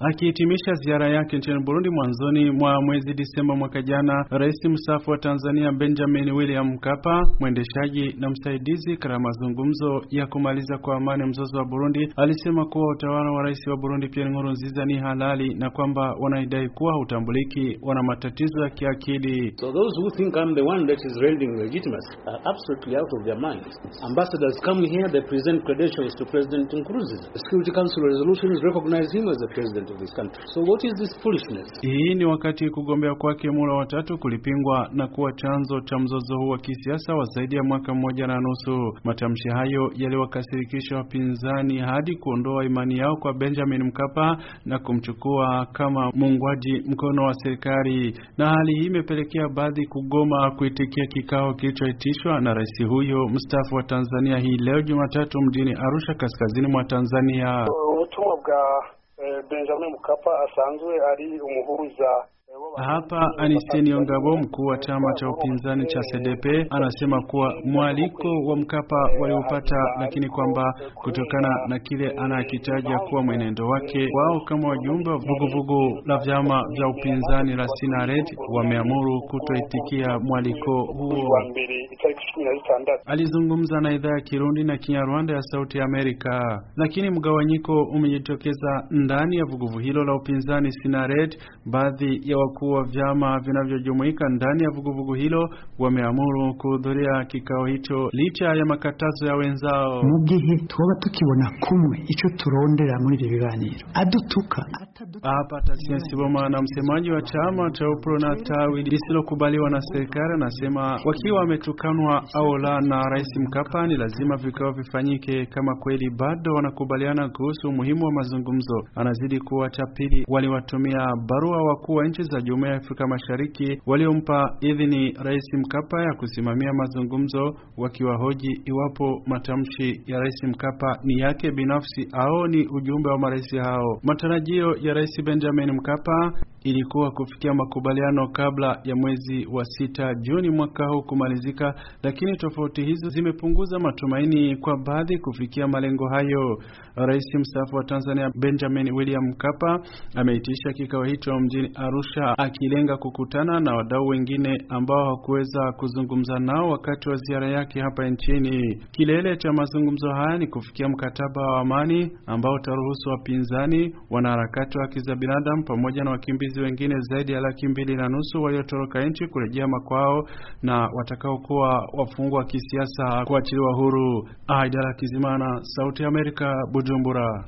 Akihitimisha ziara yake nchini Burundi mwanzoni mwa mwezi Disemba mwaka jana, rais mstaafu wa Tanzania Benjamin William Mkapa, mwendeshaji na msaidizi katika mazungumzo ya kumaliza kwa amani mzozo wa Burundi, alisema kuwa utawala wa rais wa Burundi Pierre Nkurunziza ni halali na kwamba wanaidai kuwa hautambuliki wana matatizo ya kiakili. So those who think I'm the one that is rendering legitimacy are absolutely out of their minds. Ambassadors come here, they present credentials to President Nkurunziza. The Security Council resolutions recognize him as a president president of this country. So what is this foolishness? Hii ni wakati kugombea kwake mula watatu kulipingwa na kuwa chanzo cha mzozo huu wa kisiasa wa zaidi ya mwaka mmoja na nusu. Matamshi hayo yaliwakasirikisha wapinzani hadi kuondoa imani yao kwa Benjamin Mkapa na kumchukua kama muungwaji mkono wa serikali, na hali hii imepelekea baadhi kugoma kuitikia kikao kilichoitishwa na rais huyo mstaafu wa Tanzania hii leo Jumatatu mjini Arusha, kaskazini mwa Tanzania. Ubutumwa Eh, benjamin mukapa asanzwe ari umuhuruza eh, Hapa Anisteni Ongabo, mkuu wa chama cha upinzani cha CDP, anasema kuwa mwaliko wa Mkapa waliopata, lakini kwamba kutokana na kile anakitaja kuwa mwenendo wake wao kama wajumbe wa vuguvugu la vyama vya upinzani la Sinared wameamuru kutoitikia mwaliko huo. Alizungumza na idhaa ya Kirundi na Kinyarwanda ya Sauti ya Amerika, lakini mgawanyiko umejitokeza ndani ya vuguvu hilo la upinzani Sinared, baadhi ya wakuu wakuu wa vyama vinavyojumuika ndani ya vuguvugu hilo wameamuru kuhudhuria kikao hicho licha ya makatazo ya wenzao. mugihe gihe tukibona kumwe icho turondera muri ivyo biganiro adutuka hapa. Tasia Sibomana, msemaji wa chama cha upro na tawi lisilokubaliwa na serikali, anasema wakiwa wametukanwa au la na Rais Mkapa, ni lazima vikao vifanyike kama kweli bado wanakubaliana kuhusu umuhimu wa mazungumzo. Anazidi kuwa chapili waliwatumia barua wakuu wa nchi za Jumuiya ya Afrika Mashariki waliompa idhini Rais Mkapa ya kusimamia mazungumzo, wakiwahoji iwapo matamshi ya Rais Mkapa ni yake binafsi au ni ujumbe wa marais hao. Matarajio ya Rais Benjamin Mkapa ilikuwa kufikia makubaliano kabla ya mwezi wa sita Juni mwaka huu kumalizika, lakini tofauti hizo zimepunguza matumaini kwa baadhi kufikia malengo hayo. Rais mstaafu wa Tanzania Benjamin William Mkapa ameitisha kikao hicho mjini Arusha akilenga kukutana na wadau wengine ambao hakuweza kuzungumza nao wakati wa ziara yake hapa nchini. Kilele cha mazungumzo haya ni kufikia mkataba wa amani ambao utaruhusu wapinzani, wanaharakati wa haki za binadamu pamoja na wakimbizi wakimbizi wengine zaidi ya laki mbili na nusu waliotoroka nchi kurejea makwao na watakaokuwa wafungwa wa kisiasa kuachiliwa huru. aidara Kizimana, Sauti ya Amerika, Bujumbura.